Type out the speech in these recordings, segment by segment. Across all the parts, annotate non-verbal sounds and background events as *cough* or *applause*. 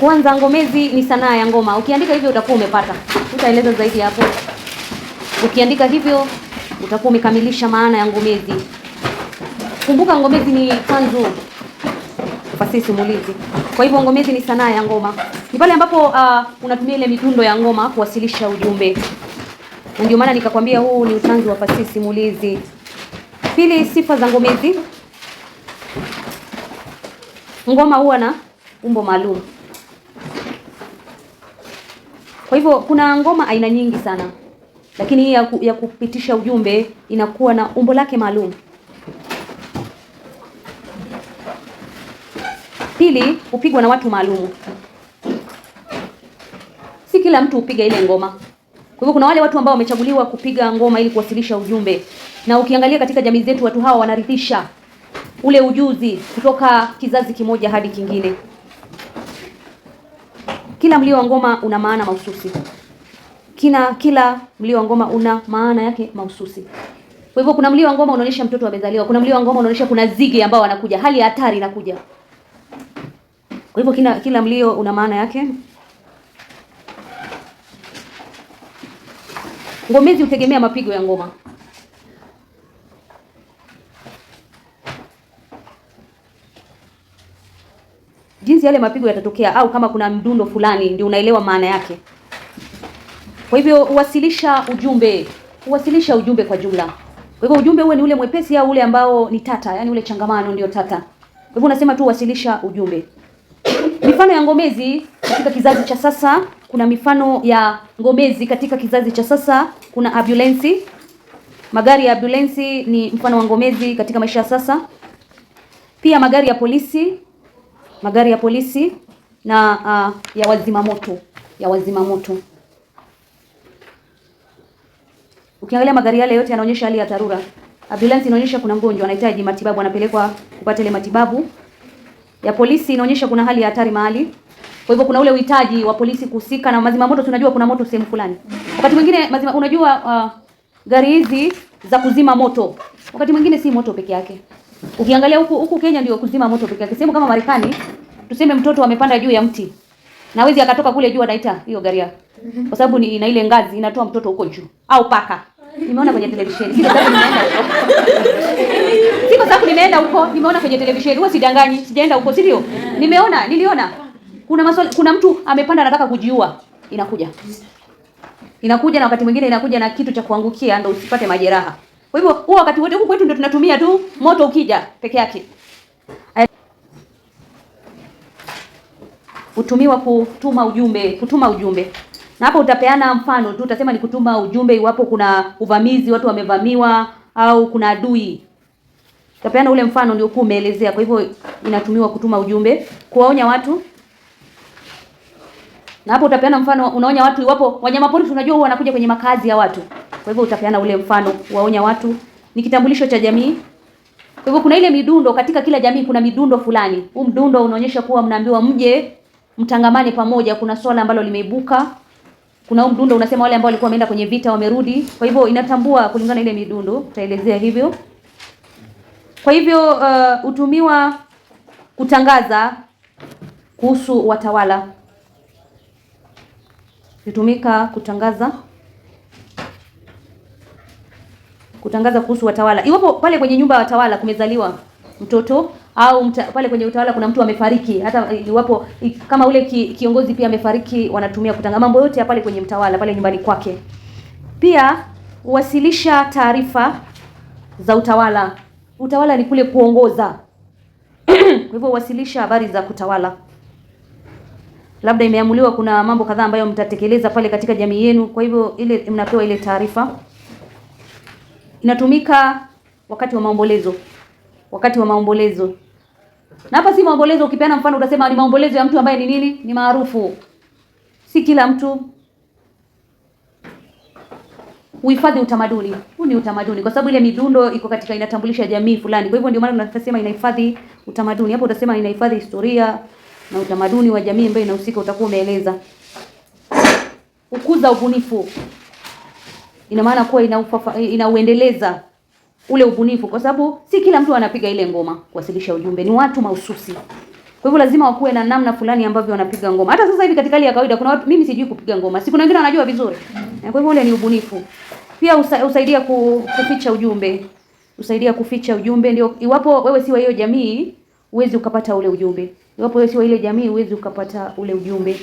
Kwanza ngomezi ni sanaa ya ngoma. Ukiandika hivyo utakuwa umepata, utaeleza zaidi hapo. Ukiandika hivyo utakuwa umekamilisha maana ya ngomezi. Kumbuka ngomezi ni tanzu fasihi simulizi. Kwa hivyo ngomezi ni sanaa ya ngoma, ni pale ambapo uh, unatumia ile midundo ya ngoma kuwasilisha ujumbe, na ndio maana nikakwambia huu ni utanzu wa fasihi simulizi. Pili, sifa za ngomezi. Ngoma huwa na umbo maalum. Kwa hivyo kuna ngoma aina nyingi sana, lakini hii ya, ku, ya kupitisha ujumbe inakuwa na umbo lake maalum. Pili, hupigwa na watu maalum Si kila mtu hupiga ile ngoma. Kwa hivyo kuna wale watu ambao wamechaguliwa kupiga ngoma ili kuwasilisha ujumbe, na ukiangalia katika jamii zetu watu hawa wanarithisha ule ujuzi kutoka kizazi kimoja hadi kingine. Kila mlio wa ngoma una maana mahususi. Kina kila mlio wa ngoma una maana yake mahususi. Kwa hivyo kuna mlio wa ngoma unaonyesha mtoto amezaliwa. Kuna mlio wa ngoma unaonyesha kuna zigi ambao wanakuja, hali ya hatari inakuja. Kwa hivyo kila, kila mlio una maana yake. Ngomezi hutegemea mapigo ya ngoma. jinsi yale mapigo yatatokea, au kama kuna mdundo fulani ndio unaelewa maana yake. Kwa hivyo uwasilisha ujumbe, uwasilisha ujumbe kwa jumla. Kwa hivyo ujumbe uwe ni ule mwepesi au ule ambao ni tata, yani ule changamano ndio tata. Kwa hivyo unasema tu wasilisha ujumbe. Mifano ya ngomezi katika kizazi cha sasa, kuna mifano ya ngomezi katika kizazi cha sasa, kuna ambulensi. Magari ya ambulensi ni mfano wa ngomezi katika maisha ya sasa. Pia magari ya polisi magari ya polisi na uh, ya wazima moto ya wazima moto. Ukiangalia magari yale yote yanaonyesha hali ya dharura. Ambulance inaonyesha kuna mgonjwa anahitaji matibabu, anapelekwa kupata ile matibabu. Ya polisi inaonyesha kuna hali ya hatari mahali. Kwa hivyo kuna ule uhitaji wa polisi kuhusika na mazima moto. Tunajua kuna moto sehemu fulani, wakati mwingine mazima, unajua uh, gari hizi za kuzima moto wakati mwingine si moto peke yake. Ukiangalia huku huku Kenya ndio kuzima moto peke yake, sehemu kama Marekani tuseme mtoto amepanda juu ya mti na wezi akatoka kule juu, anaita hiyo gari yake, kwa sababu ni ina ile ngazi inatoa mtoto huko juu, au paka. Nimeona kwenye televisheni, Sio sababu nimeenda huko, *laughs* Sio sababu nimeenda huko, nimeona kwenye televisheni. Huwa sidanganyi, sijaenda huko, sio? Nimeona, niliona kuna maswali, kuna mtu amepanda anataka kujiua, inakuja inakuja, na wakati mwingine inakuja na kitu cha kuangukia, ndio usipate majeraha. Kwa hivyo huo wakati wote huko kwetu ndio tunatumia tu, moto ukija peke yake hutumiwa kutuma ujumbe, kutuma ujumbe. Na hapo utapeana mfano tu, utasema ni kutuma ujumbe iwapo kuna uvamizi, watu wamevamiwa au kuna adui. Utapeana ule mfano uliokuwa umeelezea. Kwa hivyo inatumiwa kutuma ujumbe, kuwaonya watu. Na hapo utapeana mfano, unaonya watu iwapo wanyama pori, tunajua huwa wanakuja kwenye makazi ya watu. Kwa hivyo utapeana ule mfano, waonya watu. Ni kitambulisho cha jamii. Kwa hivyo kuna ile midundo katika kila jamii, kuna midundo fulani. Huu mdundo unaonyesha kuwa mnaambiwa mje mtangamane pamoja. Kuna swala ambalo limeibuka, kuna huu mdundo unasema wale ambao walikuwa wameenda kwenye vita wamerudi. Kwa hivyo inatambua kulingana ile midundo, tutaelezea hivyo. Kwa hivyo uh, utumiwa kutangaza kuhusu watawala, hutumika kutangaza kutangaza kuhusu watawala. Iwapo pale kwenye nyumba ya watawala kumezaliwa mtoto au mta, pale kwenye utawala kuna mtu amefariki, hata iwapo kama ule ki, kiongozi pia amefariki, wanatumia kutanga mambo yote pale kwenye mtawala pale nyumbani kwake. Pia wasilisha taarifa za utawala. Utawala ni kule kuongoza *clears throat* kwa hivyo wasilisha habari za kutawala. Labda imeamuliwa kuna mambo kadhaa ambayo mtatekeleza pale katika jamii yenu, kwa hivyo ile mnapewa ile taarifa. Inatumika wakati wa maombolezo, wakati wa maombolezo na hapa si maombolezo, ukipeana mfano utasema ni maombolezo ya mtu ambaye ni nini, ni maarufu. Si kila mtu. Uhifadhi utamaduni. Huu ni utamaduni kwa sababu ile midundo iko katika inatambulisha jamii fulani. Kwa hivyo ndio maana tunasema inahifadhi utamaduni. Hapo utasema inahifadhi historia na utamaduni wa jamii ambayo inahusika, utakuwa umeeleza. ukuza ubunifu. Ina maana kuwa inauendeleza ule ubunifu, kwa sababu si kila mtu anapiga ile ngoma kuwasilisha ujumbe, ni watu mahususi. Kwa hivyo lazima wakuwe na namna fulani ambavyo wanapiga ngoma. Hata sasa hivi katika hali ya kawaida kuna watu, mimi sijui kupiga ngoma, si kuna wengine wanajua vizuri. Kwa hivyo ule ni ubunifu pia, usa, usaidia ku, kuficha ujumbe, usaidia kuficha ujumbe. Ndio iwapo wewe si wa hiyo jamii huwezi ukapata ule ujumbe, iwapo wewe si wa ile jamii huwezi ukapata ule ujumbe.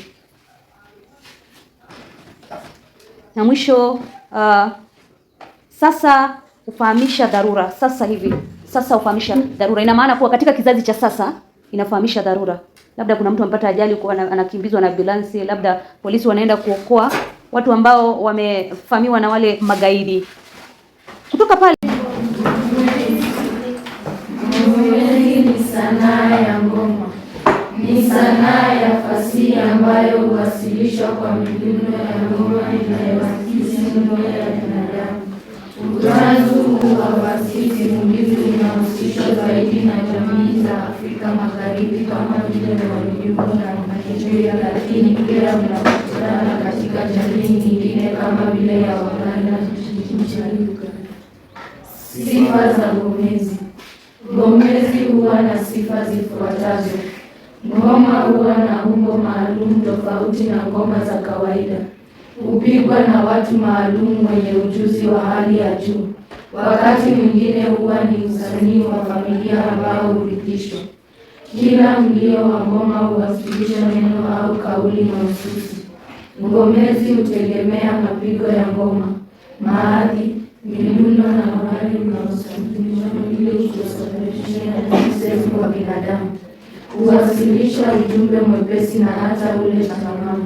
Na mwisho uh, sasa hufahamisha dharura sasa hivi. Sasa hufahamisha dharura, ina maana kuwa katika kizazi cha sasa inafahamisha dharura. Labda kuna mtu amepata ajali, anakimbizwa na ambulansi, labda polisi wanaenda kuokoa watu ambao wamefamiwa na wale magaidi kutoka pale. Ni sanaa ya fasihi ambayo huwasilishwa kwa midundo ya ngoma huu wa fasihi simulizi unahusishwa zaidi na jamii za Afrika Magharibi kama vile Wajukuu na Nigeria, lakini pia unapatikana katika jamii nyingine kama vile ya Waganda Chaluka. Sifa za gomezi. Gomezi huwa na sifa zifuatazo: ngoma huwa na umbo maalum tofauti na ngoma za kawaida hupigwa na watu maalum wenye ujuzi wa hali ya juu. Wakati mwingine huwa ni usanii wa familia ambao hurithishwa. Kila mlio wa ngoma huwasilisha neno au kauli mahususi. Ngomezi hutegemea mapigo ya ngoma, maadhi, midundo na mali unaosafirisha ili kusafirisha sehemu wa binadamu huwasilisha ujumbe mwepesi na hata ule changamano.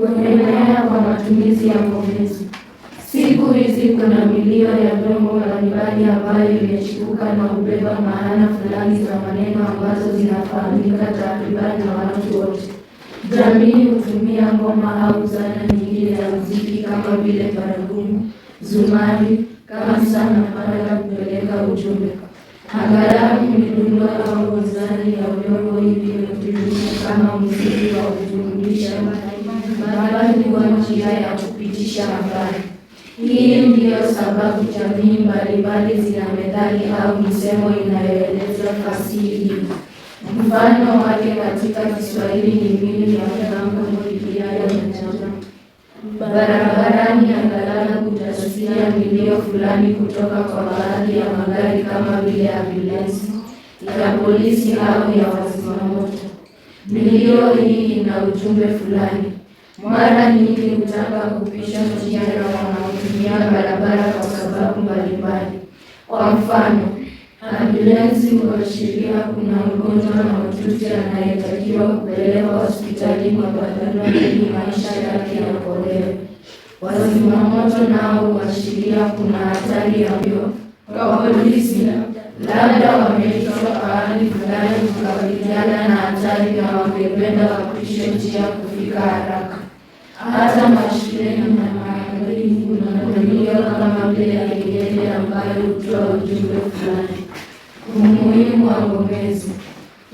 Kuendelea kwa matumizi ya ngomezi Siku hizi kuna milio ya vyombo mbalimbali ambayo imechipuka na kubeba maana fulani za maneno ambazo zinafahamika takribani na watu wote. Jamii hutumia ngoma au zana nyingine za muziki kama vile baragumu, zumari, kamsa na ya kupeleka ujumbe. Angalau midundo au zani ya vyombo hivi hutumika kama muziki wa kujumulisha, bali kwa njia ya kupitisha habari. Hii ndiyo sababu jamii mbalimbali zina methali au misemo inayoeleza fasihi. Mfano wake katika Kiswahili ni mbinu ya mtambo ikiayo mchana barabarani, angalala kutasikia milio fulani kutoka kwa baadhi ya magari kama vile ambulensi, ya polisi au ya wazimamoto. Milio hii ina ujumbe fulani. Mara nyingi hutaka kupisha njia na wanaotumia barabara kwa sababu mbalimbali. Kwa mfano, ambulensi huashiria kuna mgonjwa mahututi anayetakiwa kupelekwa hospitali kwa badala ili maisha yake yaokolewe. Wazimamoto nao huashiria kuna hatari ya mbio. Kwa polisi, labda wameitwa pahali fulani kukabiliana na hatari na wangependa wapishe njia kufika haraka hata mashuleni na maharini kuna redio kama vile kengele ambayo hutoa ujumbe fulani. Umuhimu wa ngomezi.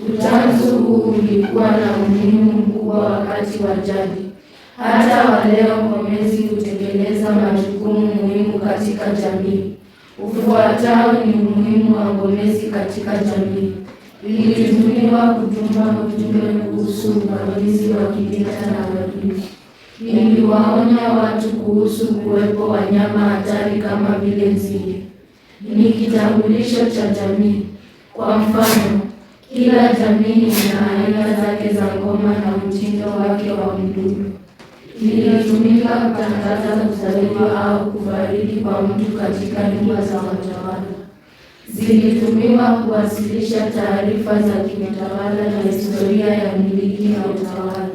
Utanzu huu ulikuwa na umuhimu mkubwa wakati wa jadi. Hata waleo ngomezi hutekeleza majukumu muhimu katika jamii. Ufuatao ni umuhimu wa ngomezi katika jamii. Ilitumiwa kutumba ujumbe kuhusu uvamizi wa kivita na wadudu. Niliwaonya watu kuhusu kuwepo wanyama hatari kama vile nzige. Ni kitambulisho cha jamii. Kwa mfano, kila jamii ina aina zake za ngoma na mtindo wake wa mdundo. Iliyotumika kutangaza kuzaliwa au kufariki kwa mtu katika nyumba za watawala. Zilitumiwa kuwasilisha taarifa za kimtawala na historia ya miliki na utawala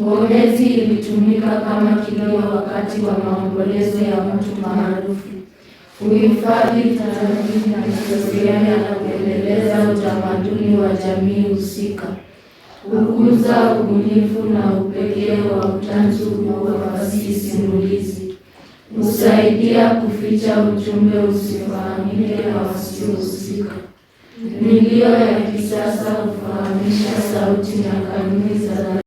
ngomezi ilitumika kama kilio wakati wa maombolezo ya mtu maarufu. Kuhifadhi tamaduni na historia na kuendeleza utamaduni wa jamii husika. Kukuza ubunifu na upekee wa utanzu unaowafasihi simulizi. Husaidia kuficha ujumbe usiofahamike na wasiohusika. Milio ya kisasa hufahamisha sauti na kanuni za